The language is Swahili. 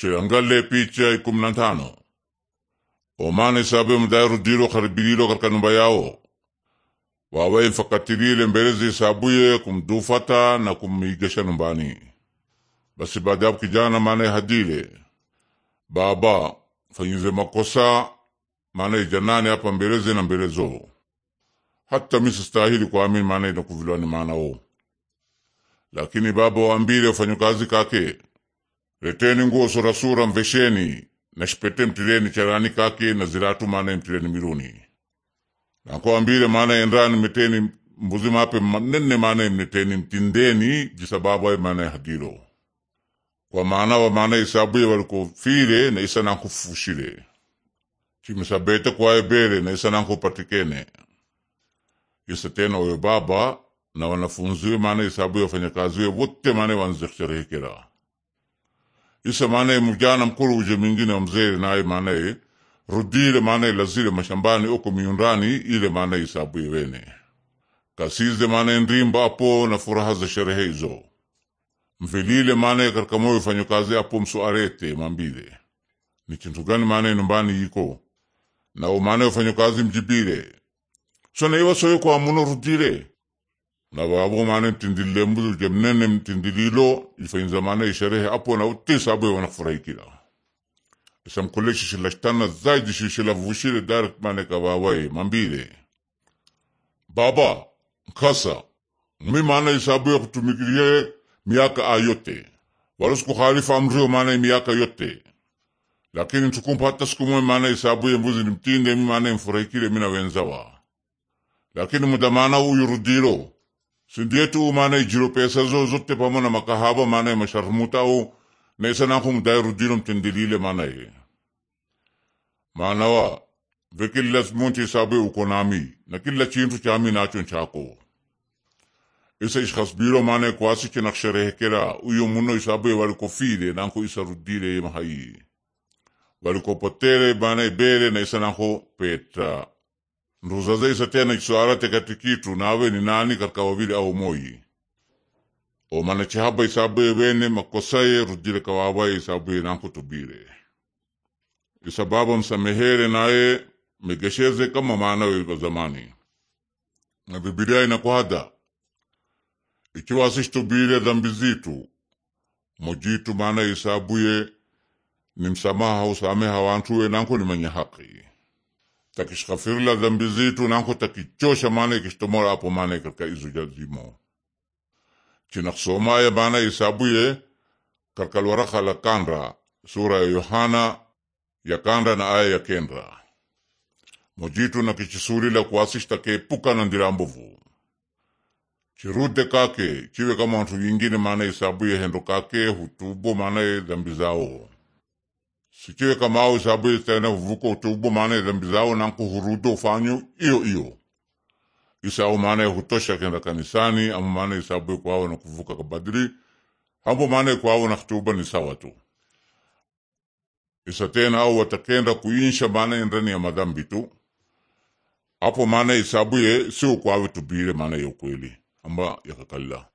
cheangale picha ikumi na ntano omana isabuye mudairudilo karibililo katika numba yao wawe mfakatilile mbelezi isabuye kumdufata na kumigesha numbani basi baada yapo kijana maana hadile baba fanyize makosa maana janani hapa mbeleze na mbelezo hata misistahili kuamini maana inakuvilwani maanao lakini baba waambile kazi kake Leteni nguo surasura mvesheni na shipete mtireni charani kake na ziratu maana mtireni miruni nakoambile maana endani meteni mbuzi mape manene maana mneteni mtindeni jisababu ay maana hadiro kwa maana wa maana isabuye walikofile na isa nankufushile chimisabete kwaye bele na isa nankupatikene isa tena oyo baba na wanafunziwe maana isabuye wafanyakaziwe wote maana wanzekcherehekera ise maanaye mujana mkulu uje mingine wa mzee naye maanaye rudile maanaye lazile mashambani uko miundani ile maanaye isabu yewene kasize maanaye ndimba apo na furaha za sherehe hizo mvilile maanaye katika moyo fanyo kazi apo msuarete mambile ni kintu gani maanaye nyumbani yiko na maanaye ufanyo kazi mjibile iwa soyo kwa muno rudile na babu maana tindille mbudul jemnenem tindililo ifain zamana isherehe apo na uti utisa abu wanafurahi kila isamkule shishilashtana zaidi shishilavushile daret mane kabawai mambile baba nkasa mi mane isabu ya kutumikirie miaka ayote walusiku khalifa amrio mane miaka yote lakini tukumpa hata siku moja mane isabu ya mbuzi mtinde mi maana imfurahikile mina wenzawa lakini mudamana uyurudilo sindetu mane jiro pesa zo zote pamona makahaba mane masharmuta au na isa nakum dairudirum manawa vikilla munti sabe ukonami na kila chintu chami nachun chako isa ishkhas biro mane kwasi uyo muno isabe wal kofide nanko mahai wal kopotere mane bere petra nduzazeisa tena kiswarate kati kitu nawe ni nani katika wawili au moyi omanachihaba isabuye wene makosaye rujile kawawaye isabuye nankutubile isababa msamehere naye megesheze kama manawe wa zamani na Biblia ikiwa ikiwasishtubile dhambi zitu mojitu maana isabuye ni msamaha usameha wantuwe nanku ni manya haki takishikafirila dhambi zitu nanko takichosha maana ikishitomola apo maana katika izuja zimo chinaksomaye maana isabuye katika lwaraka la kandra sura ya yohana ya kanda na aya ya kenda mojitu na kichisulila kuasishta keepuka na ndira mbovu chirude kake chiwe kama wantu wingine maana isabuye hendo kake hutubo maana dhambi zao sichiwe kama au sababu tena uvuko utubu maana dhambi zao na ufanyo iyo iyo hiyo isau maana ya hutosha kenda kanisani ama maana isabu kwao na kuvuka kabadiri hapo maana kwao na kutuba ni sawa tu isa tena au watakenda kuinsha maana ndani ya madhambi tu hapo maana isabu ye si kwao tubile maana ya ukweli amba yakakalila